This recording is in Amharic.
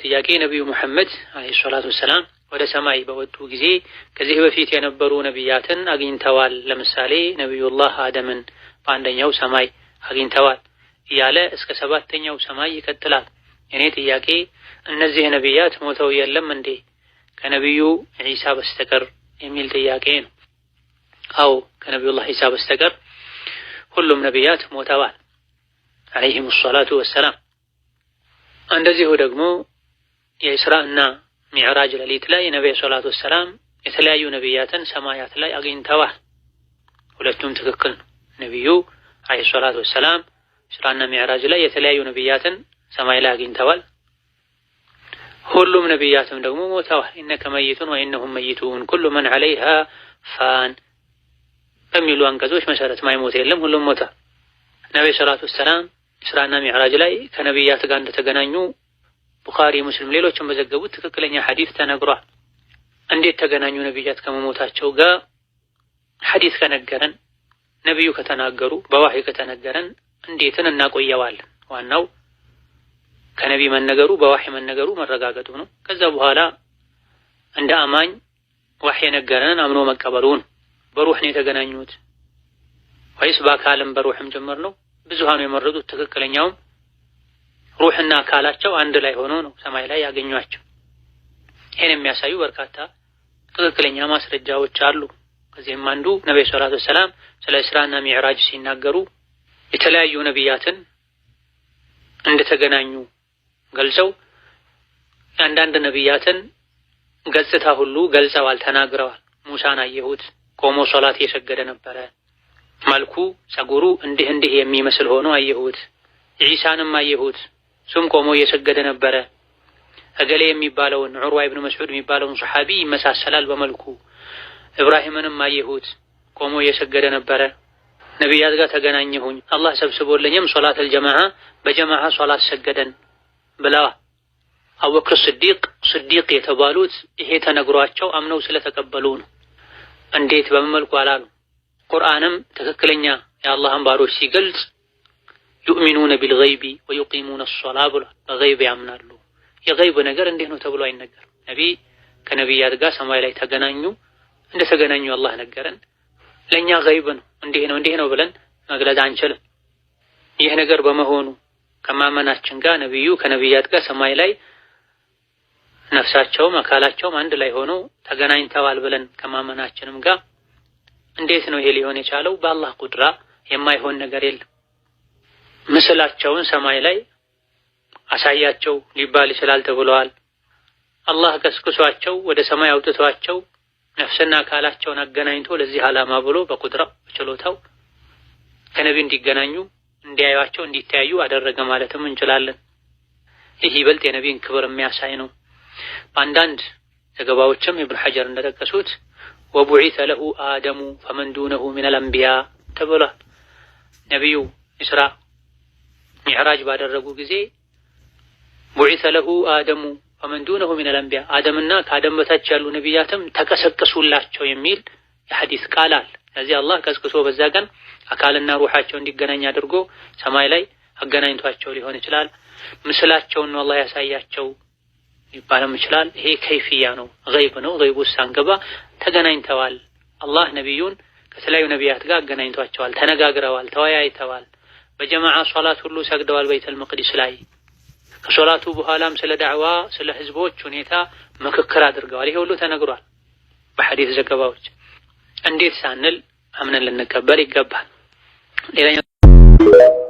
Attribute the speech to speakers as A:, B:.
A: ጥያቄ ነቢዩ ሙሐመድ አለይሂ ሰላቱ ወሰላም ወደ ሰማይ በወጡ ጊዜ ከዚህ በፊት የነበሩ ነቢያትን አግኝተዋል። ለምሳሌ ነቢዩላህ አደምን በአንደኛው ሰማይ አግኝተዋል እያለ እስከ ሰባተኛው ሰማይ ይቀጥላል። የኔ ጥያቄ እነዚህ ነቢያት ሞተው የለም እንዴ ከነቢዩ ዒሳ በስተቀር የሚል ጥያቄ ነው። አዎ ከነቢዩላህ ዒሳ በስተቀር ሁሉም ነቢያት ሞተዋል አለይህም ሰላቱ ወሰላም። እንደዚሁ ደግሞ የእስራ እና ሚዕራጅ ሌሊት ላይ የነቢዩ ሰላቱ ወሰላም የተለያዩ ነቢያትን ሰማያት ላይ አግኝተዋል። ሁለቱም ትክክል ነው። ነቢዩ አለይሂ ሰላቱ ወሰላም እስራና ሚዕራጅ ላይ የተለያዩ ነቢያትን ሰማይ ላይ አግኝተዋል። ሁሉም ነቢያትም ደግሞ ሞተዋል። ኢነከ መይቱን ወኢነሁም መይቱን ኩሉ መን ዐለይሃ ፋን በሚሉ አንቀጾች መሰረት ማይሞት የለም፣ ሁሉም ሞተ። ነቢዩ ሰላቱ ወሰላም እስራና ሚዕራጅ ላይ ከነቢያት ጋር እንደተገናኙ ቡኻሪ፣ ሙስሊም ሌሎችም በዘገቡት ትክክለኛ ሐዲስ ተነግሯል። እንዴት ተገናኙ ነቢያት ከመሞታቸው ጋር? ሐዲስ ከነገረን ነቢዩ ከተናገሩ በዋህይ ከተነገረን እንዴትን እናቆየዋለን። ዋናው ከነቢ መነገሩ በዋህይ መነገሩ መረጋገጡ ነው። ከዛ በኋላ እንደ አማኝ ዋህይ የነገረንን አምኖ መቀበሉን። በሩህ ነው የተገናኙት ወይስ በአካልም በሩህም ጭምር ነው? ብዙሃኑ የመረጡት ትክክለኛውም ሩህና አካላቸው አንድ ላይ ሆኖ ነው ሰማይ ላይ ያገኟቸው። ይህን የሚያሳዩ በርካታ ትክክለኛ ማስረጃዎች አሉ። ከዚህም አንዱ ነቢዩ ሰላቱ ወሰላም ስለ እስራና ሚዕራጅ ሲናገሩ የተለያዩ ነቢያትን እንደተገናኙ ገልጸው የአንዳንድ ነቢያትን ገጽታ ሁሉ ገልጸዋል፣ ተናግረዋል። ሙሳን አየሁት ቆሞ ሶላት እየሰገደ ነበረ። መልኩ፣ ጸጉሩ እንዲህ እንዲህ የሚመስል ሆኖ አየሁት። ዒሳንም አየሁት እሱም ቆሞ እየሰገደ ነበረ። እገሌ የሚባለውን ዑርዋ ኢብኑ መስዑድ የሚባለውን ሰሓቢ ይመሳሰላል በመልኩ። እብራሂምንም አየሁት ቆሞ እየሰገደ ነበረ። ነቢያት ጋር ተገናኘሁኝ። አላህ ሰብስቦልኝም ሶላት አልጀማዓ በጀማዓ ሶላት ሰገደን ብላ አቡበክር ስዲቅ ስዲቅ የተባሉት ይሄ ተነግሯቸው አምነው ስለተቀበሉ ነው። እንዴት መልኩ አላሉ። ቁርአንም ትክክለኛ የአላህን ባሮች ሲገልጽ ዩእሚኑነ ቢልገይቢ ወዩቂሙነ ሶላ ብሏል። በገይብ ያምናሉ። የገይብ ነገር እንዴት ነው ተብሎ አይነገርም። ነቢይ ከነቢያት ጋር ሰማይ ላይ ተገናኙ። እንደ ተገናኙ አላህ ነገረን። ለእኛ ገይብ ነው። እንዲህ ነው እንዲህ ነው ብለን መግለጽ አንችልም። ይህ ነገር በመሆኑ ከማመናችን ጋር ነቢዩ ከነቢያት ጋር ሰማይ ላይ ነፍሳቸውም አካላቸውም አንድ ላይ ሆኖ ተገናኝተዋል ብለን ከማመናችንም ጋር እንዴት ነው ይሄ ሊሆን የቻለው? በአላህ ቁድራ የማይሆን ነገር የለም። ምስላቸውን ሰማይ ላይ አሳያቸው ሊባል ይችላል ተብለዋል። አላህ ቀስቅሷቸው ወደ ሰማይ አውጥቷቸው ነፍስና አካላቸውን አገናኝቶ ለዚህ ዓላማ ብሎ በቁድራ በችሎታው ከነቢ እንዲገናኙ እንዲያዩቸው እንዲተያዩ አደረገ ማለትም እንችላለን። ይህ ይበልጥ የነቢን ክብር የሚያሳይ ነው። በአንዳንድ ዘገባዎችም ኢብኑ ሐጀር እንደጠቀሱት ወቡዒተ ለሁ አደሙ ፈመን ዱነሁ ሚነል አንቢያ ተብሏል። ነቢዩ ኢስራ ሚዕራጅ ባደረጉ ጊዜ ቡዒሰ ለሁ አደሙ ወመን ዱነሁ ሚነል አንቢያ አደምና ከአደም በታች ያሉ ነቢያትም ተቀሰቀሱላቸው የሚል የሐዲስ ቃል አለ። ስለዚህ አላህ ቀስቅሶ በዛ ቀን አካልና ሩሓቸው እንዲገናኝ አድርጎ ሰማይ ላይ አገናኝቷቸው ሊሆን ይችላል። ምስላቸውን ነው አላህ ያሳያቸው ሊባልም ይችላል። ይሄ ከይፍያ ነው፣ ገይብ ነው። ገይቡ ሳንገባ ተገናኝተዋል። አላህ ነቢዩን ከተለያዩ ነቢያት ጋር አገናኝቷቸዋል። ተነጋግረዋል፣ ተወያይተዋል። በጀማዓ ሶላት ሁሉ ሰግደዋል በይተል መቅዲስ ላይ። ከሶላቱ በኋላም ስለ ዳዕዋ፣ ስለ ህዝቦች ሁኔታ ምክክር አድርገዋል። ይሄ ሁሉ ተነግሯል በሐዲስ ዘገባዎች። እንዴት ሳንል አምነን ልንቀበል ይገባል። ሌላኛው